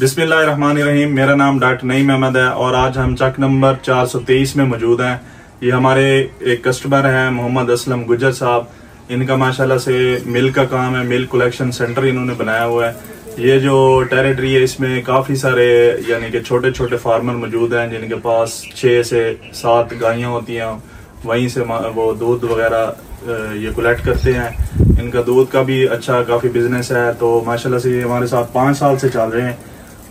रहीम मेरा नाम डॉक्टर नईम अहमद है और आज हम चक नंबर 423 में मौजूद हैं ये हमारे एक कस्टमर हैं मोहम्मद असलम गुजर साहब इनका माशाल्लाह से मिल का काम है मिल कलेक्शन सेंटर इन्होंने बनाया हुआ है ये जो टेरिटरी है इसमें काफ़ी सारे यानी कि छोटे छोटे फार्मर मौजूद हैं जिनके पास छः से सात गायें होती हैं वहीं से वो दूध वगैरह ये कलेक्ट करते हैं इनका दूध का भी अच्छा काफ़ी बिजनेस है तो माशाल्लाह से ये हमारे साथ पाँच साल से चल रहे हैं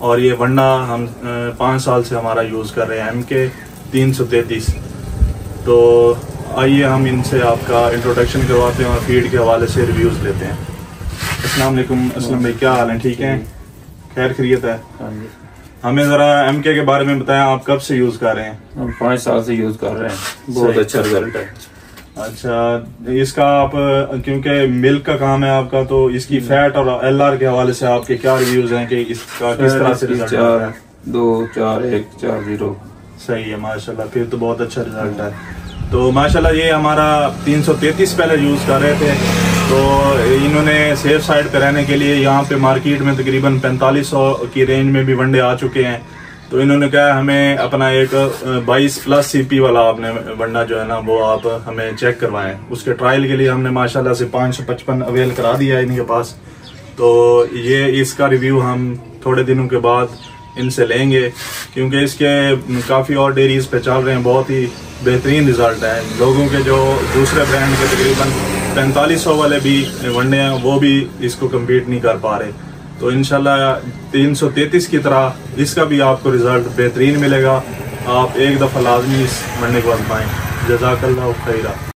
और ये वंडा हम पाँच साल से हमारा यूज़ कर रहे हैं एम के तीन सौ तैतीस तो आइए हम इनसे आपका इंट्रोडक्शन करवाते हैं और फीड के हवाले से रिव्यूज़ लेते हैं अस्सलाम वालेकुम असलम भाई क्या हाल है ठीक है खैर खरीत है हमें ज़रा एम के बारे में बताएं आप कब से यूज़ कर रहे हैं हम पाँच साल से यूज़ कर रहे हैं बहुत अच्छा रिजल्ट है अच्छा इसका आप क्योंकि मिल्क का काम है आपका तो इसकी फैट hmm. और आर के हवाले से आपके क्या रिव्यूज हैं कि इसका किस तरह से रिजल्ट चार, है? दो चार एक चार जीरो सही है माशाल्लाह फिर तो बहुत अच्छा रिजल्ट है तो माशाल्लाह ये हमारा 333 पहले यूज़ कर रहे थे तो इन्होंने सेफ साइड पे रहने के लिए यहाँ पे मार्केट में तकरीबन सौ की रेंज में भी वनडे आ चुके हैं तो इन्होंने कहा हमें अपना एक 22 प्लस सीपी वाला आपने बनना जो है ना वो आप हमें चेक करवाएं उसके ट्रायल के लिए हमने माशाल्लाह से 555 अवेल करा दिया है इनके पास तो ये इसका रिव्यू हम थोड़े दिनों के बाद इनसे लेंगे क्योंकि इसके काफ़ी और डेरीज पे चल रहे हैं बहुत ही बेहतरीन रिजल्ट है लोगों के जो दूसरे ब्रांड के तकरीबन पैंतालीस वाले भी बनने हैं वो भी इसको कम्पीट नहीं कर पा रहे तो इन तीन सौ तैंतीस की तरह इसका भी आपको रिज़ल्ट बेहतरीन मिलेगा आप एक दफ़ा लाजमी इस मंडी को आजमाएँ जजाकल्ला खैरा